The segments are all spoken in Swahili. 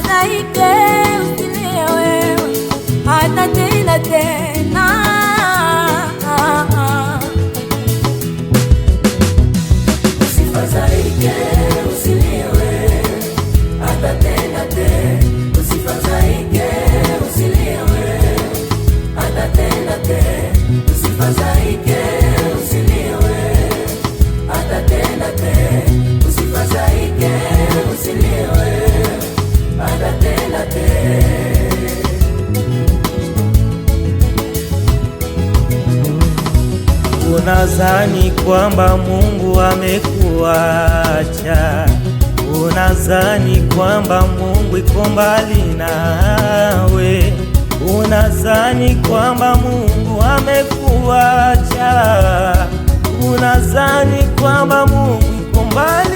zaike usilewe hata tena tena Unazani kwamba Mungu amekuacha? Unazani kwamba Mungu iko mbali nawe? Unazani kwamba Mungu amekuacha? Unazani kwamba Mungu iko mbali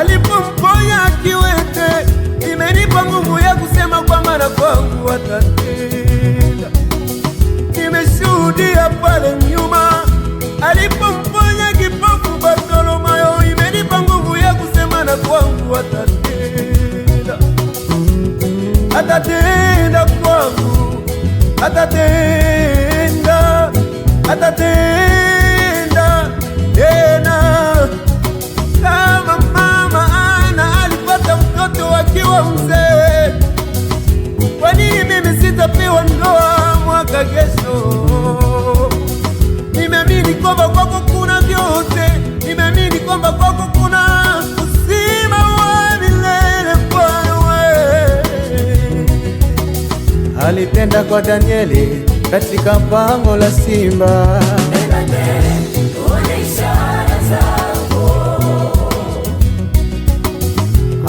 alipomponya kiwete, imenipa nguvu ya kusema kwamba na kwangu atatenda. Nimeshuhudia pale nyuma alipomponya kipofu Bartolomayo, imenipa nguvu ya kusema na kwangu atatenda, atatenda kwangu, atatenda mpaka kesho. Nimeamini kwamba kwako kuna vyote, nimeamini kwamba kwako kuna uzima wa milele. Kwawe alipenda kwa Danieli katika pango la simba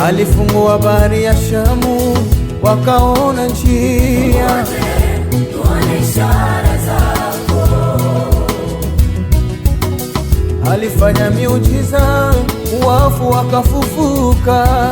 alifungua bahari ya Shamu, wakaona njia ishara zako. Alifanya miujiza, wafu wakafufuka